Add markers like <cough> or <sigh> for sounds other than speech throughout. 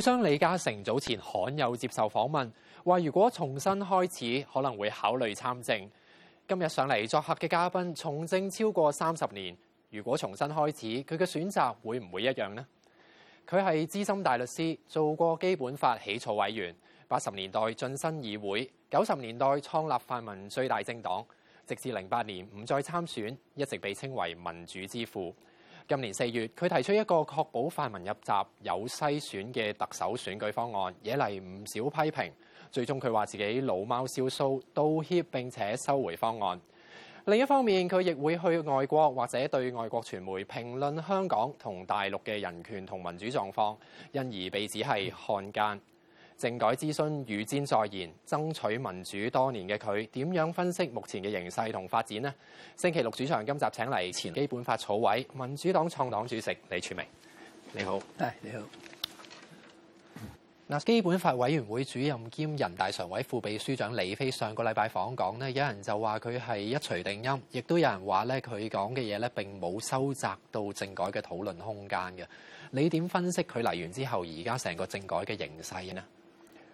富商李嘉誠早前罕有接受訪問，話如果重新開始，可能會考慮參政。今日上嚟作客嘅嘉賓，從政超過三十年，如果重新開始，佢嘅選擇會唔會一樣呢？佢係資深大律師，做過基本法起草委員，八十年代晉身議會，九十年代創立泛民最大政黨，直至零八年唔再參選，一直被稱為民主之父。今年四月，佢提出一個確保泛民入閘、有篩選嘅特首選舉方案，惹嚟唔少批評，最終佢話自己老貓燒鬚，道歉並且收回方案。另一方面，佢亦會去外國或者對外國傳媒評論香港同大陸嘅人權同民主狀況，因而被指係漢奸。政改諮詢如箭在弦，爭取民主多年嘅佢點樣分析目前嘅形勢同發展呢？星期六主場今集請嚟前基本法草委、民主黨創黨主席李柱銘。你好，哎、你好。嗱，基本法委員會主任兼人大常委副秘書長李飛上個禮拜訪港呢，有人就話佢係一錘定音，亦都有人話咧佢講嘅嘢咧並冇收窄到政改嘅討論空間嘅。你點分析佢嚟完之後，而家成個政改嘅形勢呢？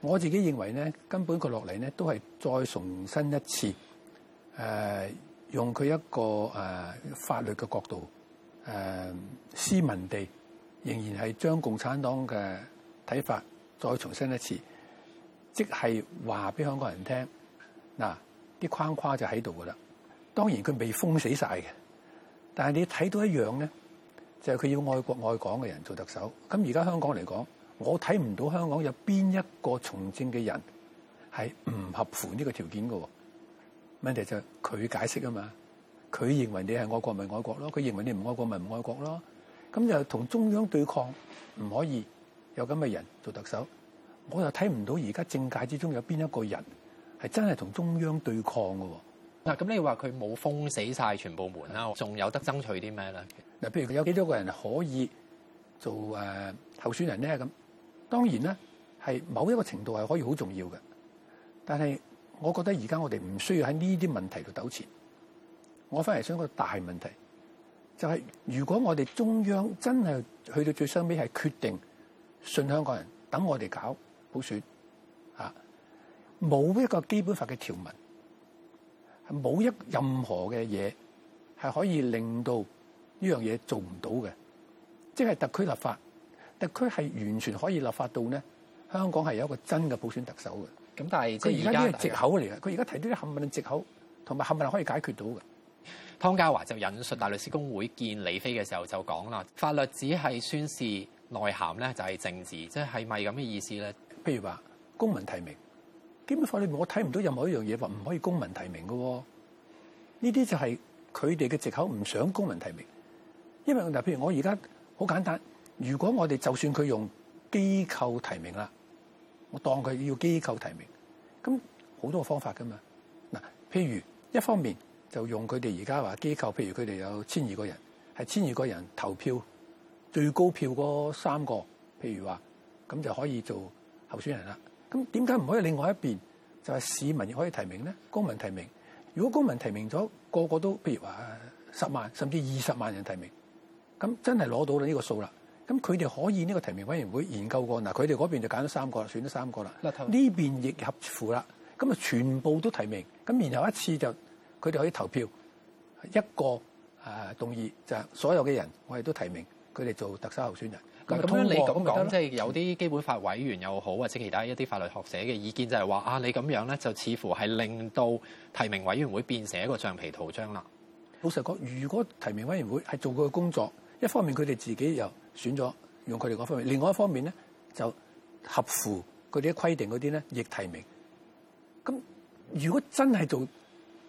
我自己認為咧，根本佢落嚟咧，都係再重申一次，誒、呃，用佢一個誒、呃、法律嘅角度，誒、呃，斯文地，仍然係將共產黨嘅睇法再重申一次，即係話俾香港人聽，嗱，啲框框就喺度㗎喇。當然佢未封死晒嘅，但係你睇到一樣咧，就係、是、佢要愛國愛港嘅人做特首。咁而家香港嚟講，我睇唔到香港有邊一個從政嘅人係唔合乎呢個條件嘅。問題就佢解釋啊嘛，佢認為你係愛國咪愛國咯，佢認為你唔愛國咪唔愛國咯。咁就同中央對抗，唔可以有咁嘅人做特首。我又睇唔到而家政界之中有邊一個人係真係同中央對抗㗎。嗱，咁你話佢冇封死曬全部門啦，仲是有得爭取啲咩咧？嗱，譬如有幾多個人可以做、呃、候選人咧？咁當然咧，係某一個程度係可以好重要嘅，但係我覺得而家我哋唔需要喺呢啲問題度糾纏。我反嚟想講一個大問題，就係、是、如果我哋中央真係去到最收尾係決定信香港人，等我哋搞普選嚇冇、啊、一個基本法嘅條文，係冇一個任何嘅嘢係可以令到呢樣嘢做唔到嘅，即係特區立法。特區係完全可以立法到呢。香港係有一個真嘅普選特首嘅。咁但係佢而家啲藉口嚟嘅，佢而家提啲啲冚唪唥嘅藉口，同埋冚唪唥可以解決到嘅。湯家驊就引述大律師公會見李飛嘅時候就講啦：法律只係宣示內涵咧，就係政治，即係咪咁嘅意思咧？譬如話公民提名，基本法裏面我睇唔到任何一樣嘢話唔可以公民提名嘅喎。呢啲就係佢哋嘅藉口，唔想公民提名，因為嗱，譬如我而家好簡單。如果我哋就算佢用機構提名啦，我當佢要機構提名，咁好多方法噶嘛。嗱，譬如一方面就用佢哋而家話機構，譬如佢哋有千二個人，係千二個人投票最高票嗰三個譬如話，咁就可以做候選人啦。咁點解唔可以另外一邊就係市民亦可以提名咧？公民提名，如果公民提名咗個個都譬如話十萬甚至二十萬人提名，咁真係攞到呢個數啦。咁佢哋可以呢個提名委員會研究過嗱，佢哋嗰邊就揀咗三個，選咗三個啦。呢邊亦合乎啦，咁啊全部都提名咁，然後一次就佢哋可以投票一個誒、呃、動議，就係、所有嘅人我哋都提名佢哋做特首候選人咁樣。你咁講即係有啲基本法委員又好，或者其他一啲法律學者嘅意見就係話啊，你咁樣咧就似乎係令到提名委員會變成一個橡皮圖章啦。老實講，如果提名委員會係做佢嘅工作，一方面佢哋自己又，選咗用佢哋嗰方面，另外一方面咧就合乎佢哋啲規定嗰啲咧，亦提名。咁如果真係做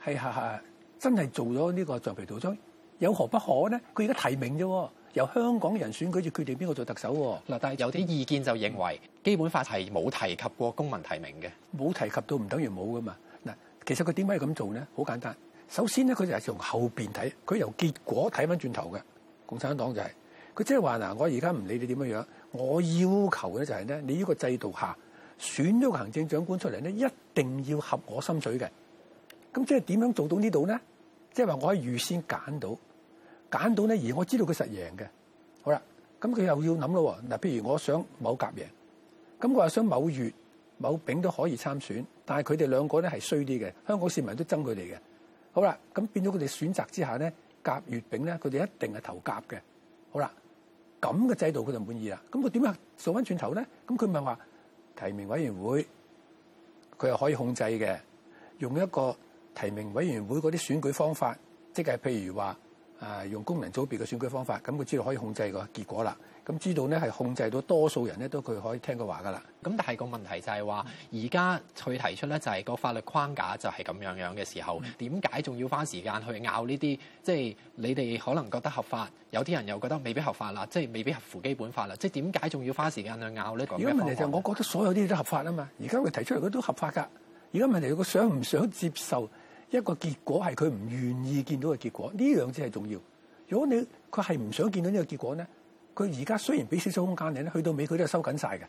係係真係做咗呢個橡皮圖章，有何不可咧？佢而家提名啫，由香港人選舉住決定邊個做特首。嗱，但係有啲意見就認為基本法係冇提及過公民提名嘅，冇提及到唔等於冇噶嘛。嗱，其實佢點解要咁做咧？好簡單，首先咧佢就係從後面睇，佢由結果睇翻轉頭嘅，共產黨就係。佢即係話嗱，我而家唔理你點樣樣，我要求嘅就係咧，你呢個制度下選咗個行政長官出嚟咧，一定要合我心水嘅。咁即係點樣做到呢度咧？即係話我可以預先揀到，揀到咧，而我知道佢實贏嘅。好啦，咁佢又要諗咯喎嗱，譬如我想某甲贏，咁我又想某乙、某丙都可以參選，但係佢哋兩個咧係衰啲嘅，香港市民都憎佢哋嘅。好啦，咁變咗佢哋選擇之下咧，甲乙丙咧，佢哋一定係投甲嘅。好啦。咁嘅制度佢就滿意啦，咁佢點啊倒翻轉頭咧？咁佢咪話提名委員會佢又可以控制嘅，用一個提名委員會嗰啲選舉方法，即係譬如話。誒、啊、用功能組別嘅選舉方法，咁佢知道可以控制個結果啦。咁知道咧係控制到多數人咧，都佢可以聽佢話噶啦。咁但係個問題就係話，而家佢提出咧就係、是、個法律框架就係咁樣樣嘅時候，點解仲要花時間去拗呢啲？即、就、係、是、你哋可能覺得合法，有啲人又覺得未必合法啦，即、就、係、是、未必合乎基本法啦。即係點解仲要花時間去拗咧？個問題就係，我覺得所有啲嘢都合法啊嘛。而家佢提出嚟嘅都合法㗎。而家問題佢想唔想接受？一個結果係佢唔願意見到嘅結果，呢兩隻係重要。如果你佢係唔想見到呢個結果咧，佢而家雖然俾少少空間你咧，去到尾佢都係收緊晒嘅，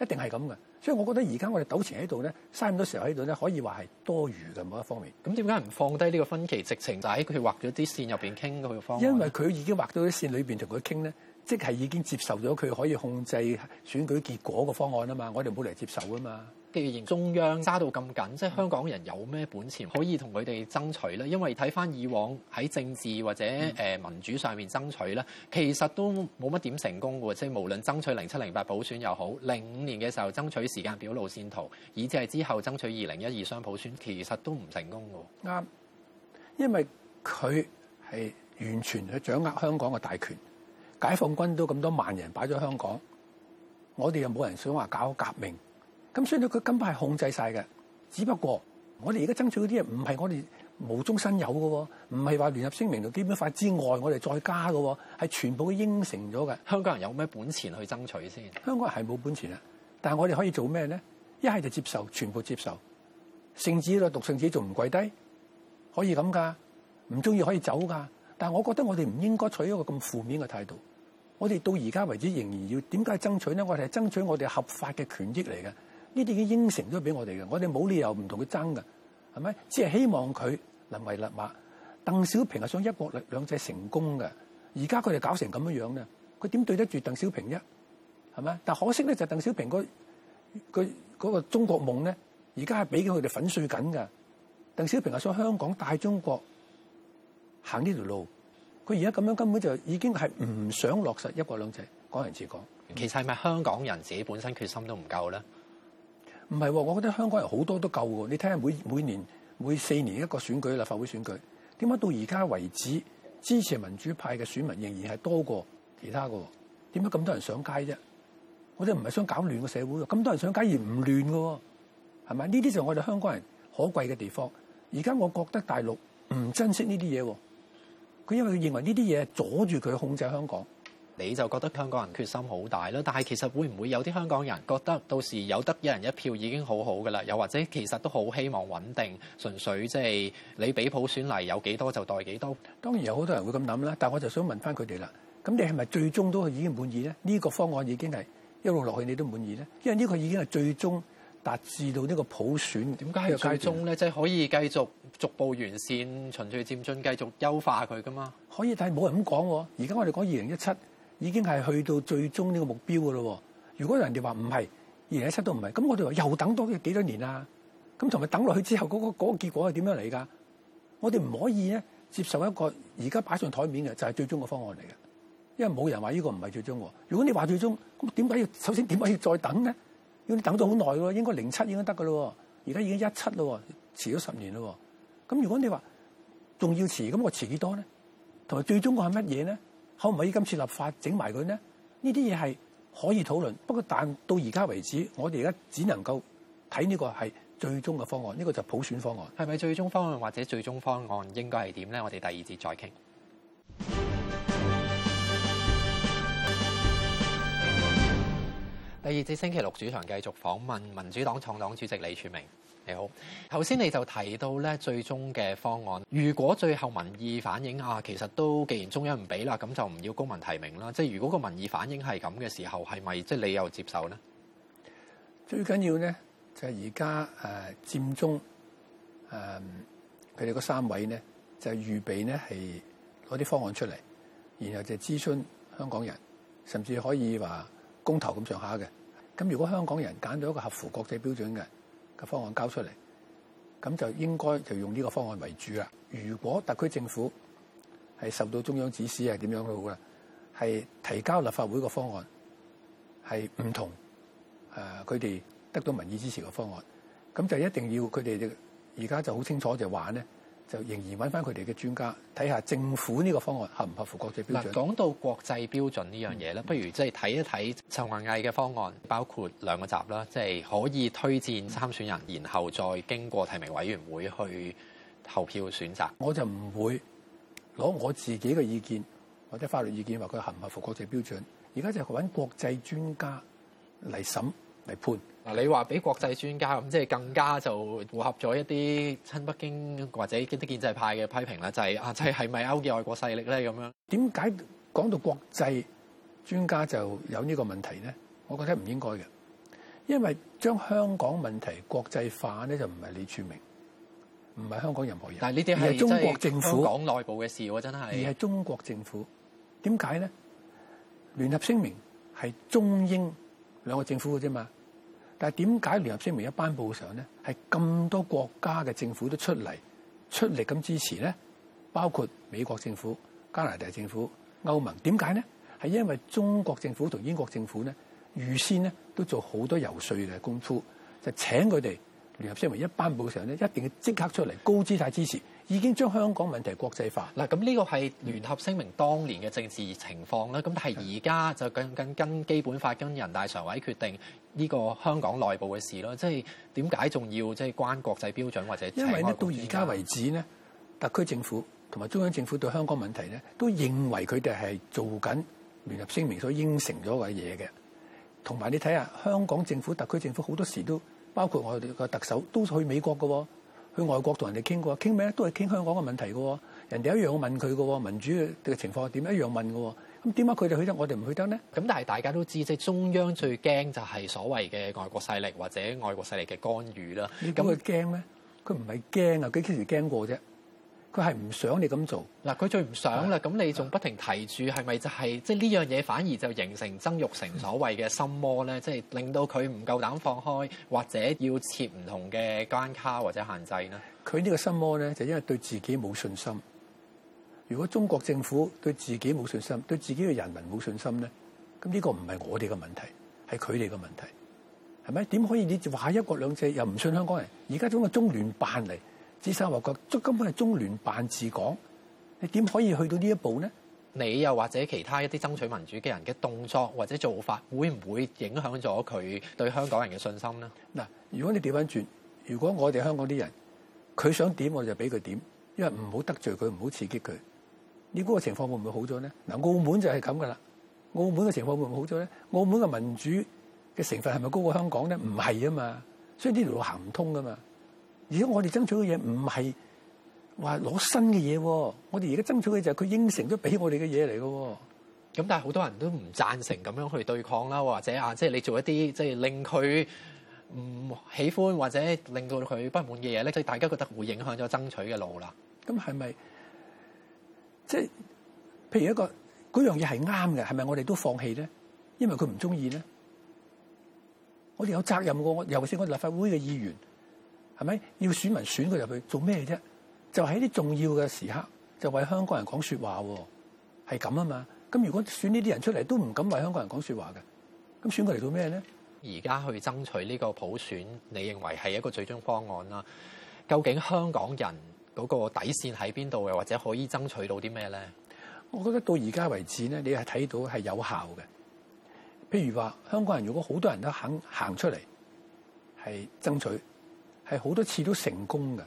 一定係咁嘅。所以我覺得而家我哋糾纏喺度咧，嘥咁多時間喺度咧，可以話係多餘嘅某一方面。咁點解唔放低呢個分歧，直情就喺佢畫咗啲線入邊傾嘅佢嘅方案呢？因為佢已經畫咗啲線裏邊同佢傾咧，即係已經接受咗佢可以控制選舉結果嘅方案啊嘛，我哋冇嚟接受啊嘛。既然中央揸到咁緊，即係香港人有咩本錢可以同佢哋爭取咧？因為睇翻以往喺政治或者民主上面爭取咧，其實都冇乜點成功嘅，即係無論爭取零七零八補選又好，零五年嘅時候爭取時間表路線圖，以至係之後爭取二零一二雙普選，其實都唔成功嘅。啱，因為佢係完全去掌握香港嘅大權，解放軍都咁多萬人擺咗香港，我哋又冇人想話搞革命。咁所以佢根本係控制晒嘅，只不過我哋而家爭取嗰啲嘢唔係我哋無中生有嘅喎，唔係話聯合聲明同基本法之外我哋再加嘅喎，係全部都應承咗嘅。香港人有咩本錢去爭取先？香港人係冇本錢啊！但係我哋可以做咩咧？一係就接受，全部接受。聖旨咯，讀聖旨仲唔跪低？可以咁噶，唔中意可以走噶。但係我覺得我哋唔應該取一個咁負面嘅態度。我哋到而家為止仍然要點解爭取咧？我哋係爭取我哋合法嘅權益嚟嘅。呢啲已經應承都俾我哋嘅，我哋冇理由唔同佢爭嘅，係咪？只係希望佢能為立馬。鄧小平係想一國兩兩制成功嘅，而家佢哋搞成咁樣樣咧，佢點對得住鄧小平啫？係咪？但可惜咧，就係鄧小平佢嗰個中國夢咧，而家係俾佢哋粉碎緊嘅。鄧小平係想香港大中國行呢條路，佢而家咁樣根本就已經係唔想落實一國兩制。講人自講，其實係咪香港人自己本身決心都唔夠咧？唔係、哦，我覺得香港人好多都夠喎。你睇下每每年每四年一個選舉，立法會選舉，點解到而家為止支持民主派嘅選民仍然係多過其他嘅？點解咁多人上街啫？我哋唔係想搞亂個社會，咁多人上街而唔亂嘅，係咪？呢啲就係我哋香港人可貴嘅地方。而家我覺得大陸唔珍惜呢啲嘢，佢因為佢認為呢啲嘢阻住佢控制香港。你就覺得香港人決心好大咯，但係其實會唔會有啲香港人覺得到時有得一人一票已經好好㗎啦？又或者其實都好希望穩定，純粹即係你畀普選嚟有幾多就代幾多。當然有好多人會咁諗啦，但係我就想問翻佢哋啦。咁你係咪最終都已經滿意咧？呢個方案已經係一路落去你都滿意咧？因為呢個已經係最終達至到呢個普選。點解最終咧？即係可以繼續逐步完善，循序漸進，繼續優化佢噶嘛？可以，但係冇人咁講。而家我哋講二零一七。已經係去到最終呢個目標嘅咯喎！如果人哋話唔係二零一七都唔係，咁我哋話又等多幾多年啊？咁同埋等落去之後嗰個嗰個結果係點樣嚟㗎？我哋唔可以咧接受一個而家擺上台面嘅就係最終嘅方案嚟嘅，因為冇人話呢個唔係最終。如果你話最終，咁點解要首先點解要再等咧？如果你等到好耐喎，應該零七已經得㗎咯喎，而家已經一七咯喎，遲咗十年咯喎。咁如果你話仲要遲，咁我遲幾多咧？同埋最終個係乜嘢咧？可唔可以今次立法整埋佢呢？呢啲嘢係可以討論，不過但到而家為止，我哋而家只能夠睇呢個係最終嘅方案。呢個就普選方案，係咪最終方案或者最終方案應該係點咧？我哋第二節再傾 <music> 第二節星期六主場繼續訪問民主黨創黨主席李柱銘。你好，頭先你就提到咧最終嘅方案，如果最後民意反映啊，其實都既然中央唔俾啦，咁就唔要公民提名啦。即係如果個民意反應係咁嘅時候，係咪即係你又接受咧？最緊要咧就係而家誒佔中誒佢哋嗰三位咧就係預備咧係攞啲方案出嚟，然後就諮詢香港人，甚至可以話公投咁上下嘅。咁如果香港人揀到一個合乎國際標準嘅方案交出嚟，咁就應該就用呢個方案為主啦。如果特區政府係受到中央指使係點樣都好啦，係提交立法會個方案係唔同，誒佢哋得到民意支持個方案，咁就一定要佢哋，而家就好清楚就話咧。就仍然搵翻佢哋嘅專家睇下政府呢個方案合唔合乎國際標準。嗱，講到國際標準呢樣嘢咧，不如即係睇一睇陳弘毅嘅方案，包括兩個集啦，即係可以推薦參選人，然後再經過提名委員會去投票選擇。我就唔會攞我自己嘅意見或者法律意見話佢合唔合乎國際標準，而家就係搵國際專家嚟審嚟判。嗱，你話俾國際專家咁，即係更加就符合咗一啲親北京或者啲建制派嘅批評啦，就係、係、啊，就係係咪勾結外國勢力咧？咁樣點解講到國際專家就有呢個問題咧？我覺得唔應該嘅，因為將香港問題國際化咧，就唔係李柱銘，唔係香港任何人，但這是而係中國政府。香港內部嘅事，我真係而係中國政府點解咧？聯合聲明係中英兩個政府嘅啫嘛。但係點解聯合聲明一頒布上咧，係咁多國家嘅政府都出嚟出力咁支持咧？包括美國政府、加拿大政府、歐盟，點解咧？係因為中國政府同英國政府咧，預先咧都做好多遊說嘅功夫，就請佢哋聯合聲明一頒布上咧，一定要即刻出嚟高姿態支持。已經將香港問題國際化。嗱，咁呢個係聯合聲明當年嘅政治情況啦。咁但係而家就緊緊跟基本法、跟人大常委決定呢個香港內部嘅事咯。即係點解仲要即係關國際標準或者？因為你到而家為止咧，特區政府同埋中央政府對香港問題咧，都認為佢哋係做緊聯合聲明所應承咗位嘢嘅。同埋你睇下香港政府、特區政府好多時都包括我哋個特首都去美國嘅喎。去外國同人哋傾過，傾咩？都係傾香港嘅問題嘅喎，人哋一樣問佢嘅喎，民主嘅情況點一樣問嘅喎，咁點解佢哋去得，我哋唔去得咧？咁但係大家都知，即係中央最驚就係所謂嘅外國勢力或者外國勢力嘅干預啦。咁佢驚咩？佢唔係驚啊，佢幾時驚過啫？佢係唔想你咁做嗱，佢最唔想啦，咁你仲不停提住、就係，係咪就係即係呢樣嘢反而就形成曾玉成所謂嘅心魔咧？即、就、係、係、令到佢唔夠膽放開，或者要設唔同嘅關卡或者限制呢。佢呢個心魔咧，就係、因為對自己冇信心。如果中國政府對自己冇信心，對自己嘅人民冇信心咧，咁呢個唔係我哋嘅問題，係佢哋嘅問題，係咪？點可以你話一國兩制又唔信香港人？而家整個中聯辦嚟？資深話：講中根本係中聯辦治港，你點可以去到呢一步呢？你又或者其他一啲爭取民主嘅人嘅動作或者做法，會唔會影響咗佢對香港人嘅信心呢？嗱，如果你調翻轉，如果我哋香港啲人，佢想點我就俾佢點，因為唔好得罪佢，唔好刺激佢，呢個情況會唔會好咗呢？嗱，澳門就係咁噶啦，澳門嘅情況會唔會好咗呢？澳門嘅民主嘅成分係咪高過香港呢？唔係啊嘛，所以呢條路行唔通噶嘛。如果我哋爭取嘅嘢唔係話攞新嘅嘢，我哋而家爭取嘅就係佢應承咗俾我哋嘅嘢嚟嘅。咁但係好多人都唔贊成咁樣去對抗啦，或者啊，即係你做一啲即係令佢唔喜歡或者令到佢不滿嘅嘢咧，即係大家覺得會影響咗爭取嘅路啦。咁係咪即係譬如一個嗰樣嘢係啱嘅，係咪我哋都放棄咧？因為佢唔中意咧？我哋有責任喎，尤其是我哋立法會嘅議員。係咪要選民選佢入去做咩啫？就喺啲重要嘅時刻，就為香港人講説話，係咁啊嘛。咁如果選呢啲人出嚟，都唔敢為香港人講說話嘅，咁選佢嚟做咩咧？而家去爭取呢個普選，你認為係一個最終方案啦？究竟香港人嗰個底線喺邊度嘅，或者可以爭取到啲咩咧？我覺得到而家為止咧，你係睇到係有效嘅。譬如話，香港人如果好多人都肯行出嚟，係爭取。係好多次都成功嘅，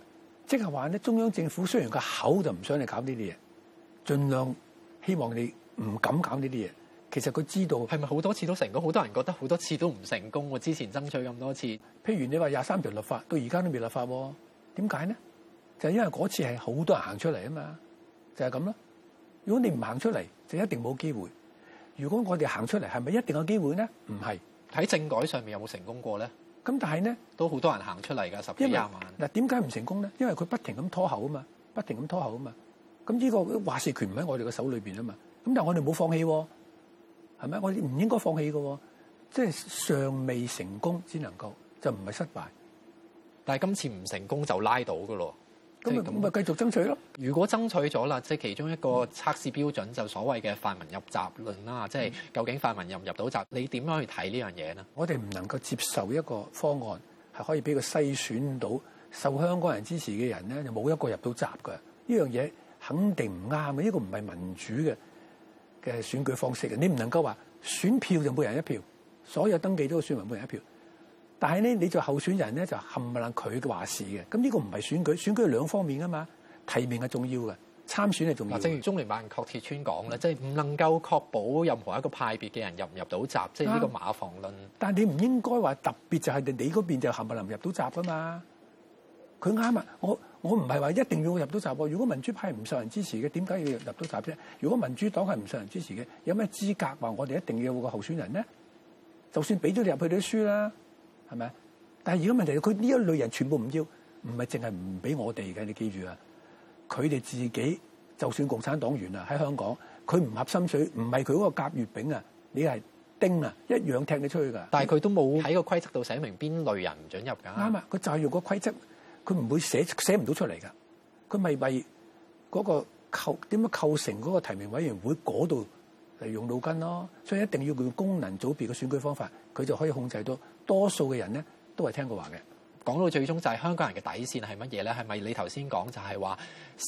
即係話咧，中央政府雖然個口就唔想你搞呢啲嘢，盡量希望你唔敢搞呢啲嘢。其實佢知道係咪好多次都成功？好多人覺得好多次都唔成功。我之前爭取咁多次，譬如你話廿三條立法到而家都未立法喎，點解呢？就係因為嗰次係好多人行出嚟啊嘛，就係咁囉。如果你唔行出嚟，就一定冇機會。如果我哋行出嚟，係咪一定有機會呢？唔係，喺政改上面有冇成功過呢？咁但係咧，都好多人行出嚟噶，十幾廿萬。嗱，點解唔成功咧？因為佢不停咁拖口啊嘛，不停咁拖口啊嘛。咁、這、呢個話事權唔喺我哋嘅手裏邊啊嘛。咁但係我哋冇放棄，係咪？我哋唔應該放棄嘅，即係尚未成功才能夠，只能夠就唔係失敗。但係今次唔成功就拉到㗎咯。咁咪繼續爭取咯！如果爭取咗啦，即係其中一個測試標準，就所謂嘅泛民入閘論啦，即係究竟泛民入唔入到閘？你點樣去睇呢樣嘢呢？我哋唔能夠接受一個方案係可以俾佢篩選到受香港人支持嘅人咧，就冇一個入到閘嘅，呢樣嘢，肯定唔啱嘅。呢個唔係民主嘅嘅選舉方式嘅。你唔能夠話選票就每人一票，所有登記都選民每人一票。但係咧，你做候選人咧就冚唪唥佢嘅話事嘅。咁呢個唔係選舉，選舉係兩方面噶嘛，提名係重要嘅，參選係重要。正如中聯辦郝鐵川講啦，嗯、即係唔能夠確保任何一個派別嘅人入唔入到閘，嗯、即係呢個馬房論。但你唔應該話特別就係你嗰邊就冚唪唥入到閘噶嘛？佢啱啊！我我唔係話一定要入到閘。如果民主派唔受人支持嘅，點解要入到閘啫？如果民主黨係唔受人支持嘅，有咩資格話我哋一定要有個候選人呢？就算俾咗你入去都輸啦。係咪？但係而家問題係佢呢一類人全部唔要，唔係淨係唔俾我哋嘅。你記住啊！佢哋自己就算共產黨員啊，喺香港佢唔合心水，唔係佢嗰個甲乙丙啊，你係丁啊，一樣踢你出去㗎。但係佢都冇喺個規則度寫明邊類人唔準入㗎。啱啊！佢就係用個規則，佢唔會寫寫唔到出嚟㗎。佢咪咪嗰個構點樣構成嗰個提名委員會嗰度嚟用腦筋咯？所以一定要用功能組別嘅選舉方法，佢就可以控制到。多數嘅人咧都係聽過話嘅，講到最終就係香港人嘅底線係乜嘢咧？係咪你頭先講就係話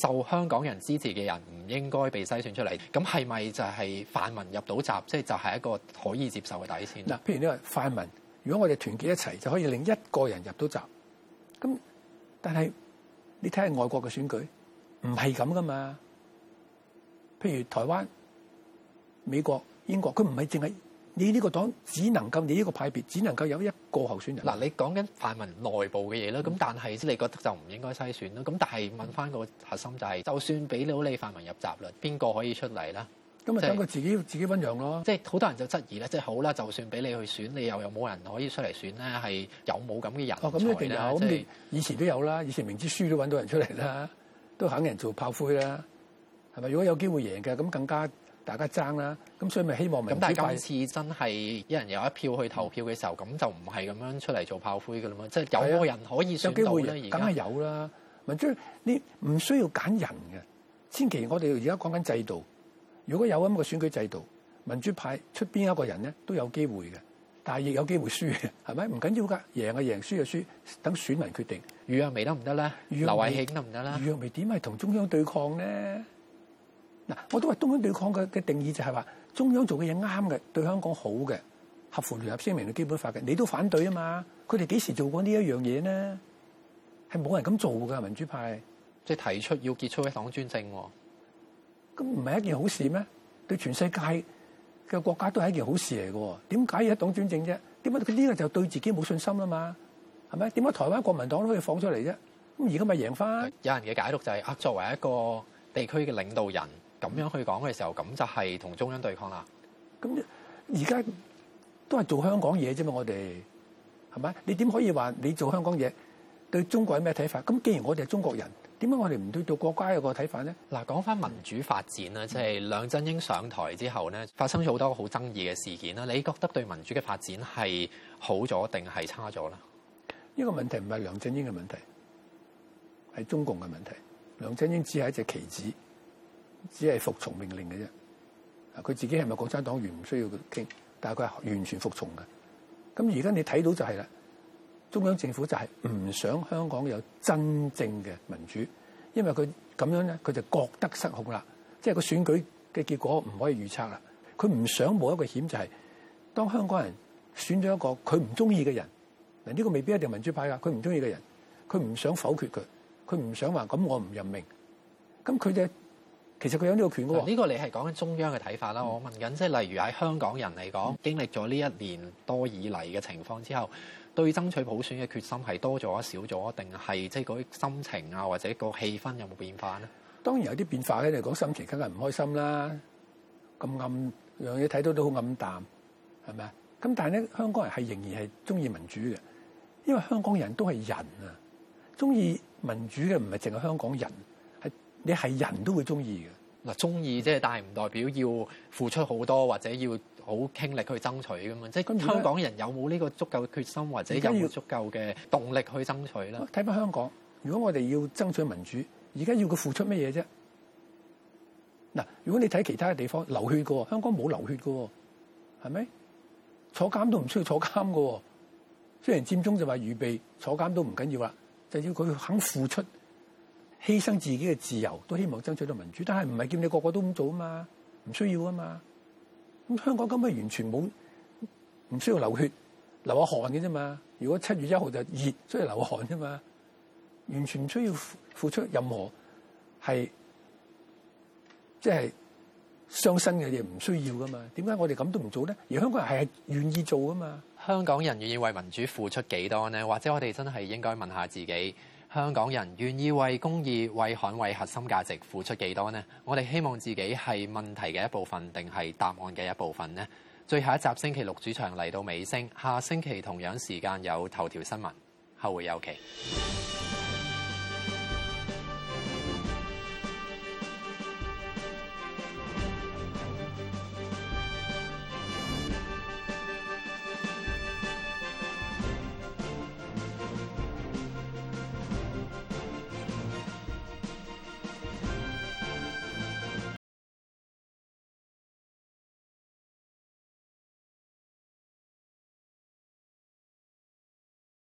受香港人支持嘅人唔應該被篩選出嚟？咁係咪就係泛民入到閘，即係就係、是、一個可以接受嘅底線？嗱、這個，譬如呢個泛民，如果我哋團結一齊，就可以令一個人入到閘。咁但係你睇下外國嘅選舉，唔係咁噶嘛？譬如台灣、美國、英國，佢唔係淨係。你呢個黨只能夠，你呢個派別只能夠有一個候選人。嗱，你講緊泛民內部嘅嘢啦，咁、嗯、但係你覺得就唔應該篩選啦。咁、嗯、但係問翻個，個核心就係，就、是、就算俾到你泛民入閘啦，邊個可以出嚟啦？咁咪、嗯就是、等佢自己、就是、自己醞釀咯。即係好多人就質疑啦，即、就、係、是、好啦，就算俾你去選，你又有冇人可以出嚟選咧，係有冇咁嘅人才哦，咁一定有。你、嗯嗯嗯就是、以前都有啦，以前明知輸都揾到人出嚟啦，嗯、都肯人做炮灰啦，係咪？如果有機會贏嘅，咁更加。大家爭啦，咁所以咪希望民主派。咁但係今次真係一人有一票去投票嘅時候，咁就唔係咁樣出嚟做炮灰㗎啦嘛。的即係有個人可以選有機會，梗係在有啦。民主，你唔需要揀人嘅。千祈我哋而家講緊制度。如果有咁嘅選舉制度，民主派出邊一個人咧都有機會嘅，但係亦有機會輸嘅，係咪？唔緊要㗎，贏就贏，輸就輸，等選民決定。余若薇得唔得啦？劉慧卿得唔得啦？余若薇點係同中央對抗咧？嗱，我都話東方對抗嘅嘅定義就係話中央做嘅嘢啱嘅，對香港好嘅，合乎聯合聲明嘅基本法嘅，你都反對啊嘛？佢哋幾時做過這一事呢一樣嘢呢？係冇人咁做㗎，民主派是即係提出要結束一黨專政、哦，咁唔係一件好事咩？對全世界嘅國家都係一件好事嚟嘅，點解要一黨專政啫？點解佢呢個就對自己冇信心啦嘛？係咪？點解台灣國民黨都可以放出嚟啫？咁而家咪贏翻？有人嘅解讀就係、是、啊，作為一個地區嘅領導人。咁樣去講嘅時候，咁就係同中央對抗啦。咁而家都係做香港嘢啫嘛，我哋係咪？你點可以話你做香港嘢對中國有咩睇法？咁既然我哋係中國人，點解我哋唔對到國家有個睇法咧？嗱，講翻民主發展啦，即係梁振英上台之後咧，發生咗好多好爭議嘅事件啦。你覺得對民主嘅發展係好咗定係差咗咧？呢個問題唔係梁振英嘅問題，係中共嘅問題。梁振英只係一隻棋子。只係服從命令嘅啫。佢自己係咪共產黨員，唔需要佢傾，但係佢係完全服從嘅。咁而家你睇到就係啦，中央政府就係唔想香港有真正嘅民主，因為佢咁樣咧，佢就覺得失控啦。即係個選舉嘅結果唔可以預測啦。佢唔想冒一個險就係當香港人選咗一個佢唔中意嘅人嗱，呢個未必一定民主派㗎。佢唔中意嘅人，佢唔想否決佢，佢唔想話咁我唔任命咁，佢就。其實佢有呢個權噶喎，呢個你係講緊中央嘅睇法啦。我問緊即係例如喺香港人嚟講，嗯、經歷咗呢一年多以嚟嘅情況之後，對爭取普選嘅決心係多咗少咗，定係即係嗰啲心情啊或者個氣氛有冇變化咧？當然有啲變化咧，你講心情梗係唔開心啦，咁暗樣嘢睇到都好暗淡，係咪啊？咁但係咧，香港人係仍然係中意民主嘅，因為香港人都係人啊，中意民主嘅唔係淨係香港人。你係人都會中意嘅。嗱，中意即係，但係唔代表要付出好多或者要好傾力去爭取噶嘛？在即係香港人有冇呢個足夠嘅決心，或者有冇足夠嘅動力去爭取咧？睇翻香港，如果我哋要爭取民主，而家要佢付出咩嘢啫？嗱，如果你睇其他嘅地方流血嘅，香港冇流血嘅，係咪？坐監都唔需要坐監嘅，雖然佔中就話預備坐監都唔緊要啦，就要佢肯付出。犧牲自己嘅自由，都希望爭取到民主。但係唔係叫你個個都咁做啊嘛，唔需要啊嘛。咁香港根本完全冇，唔需要流血、流下汗嘅啫嘛。如果七月一號就熱，所以流汗啫嘛。完全唔需要付出任何係即係傷身嘅嘢，唔需要噶嘛。點解我哋咁都唔做咧？而香港人係願意做啊嘛？香港人願意為民主付出幾多咧？或者我哋真係應該問下自己。香港人願意為公義、為捍衞核心價值付出幾多呢？我哋希望自己係問題嘅一部分，定係答案嘅一部分呢？最後一集星期六主場嚟到尾聲，下星期同樣時間有頭條新聞，後會有期。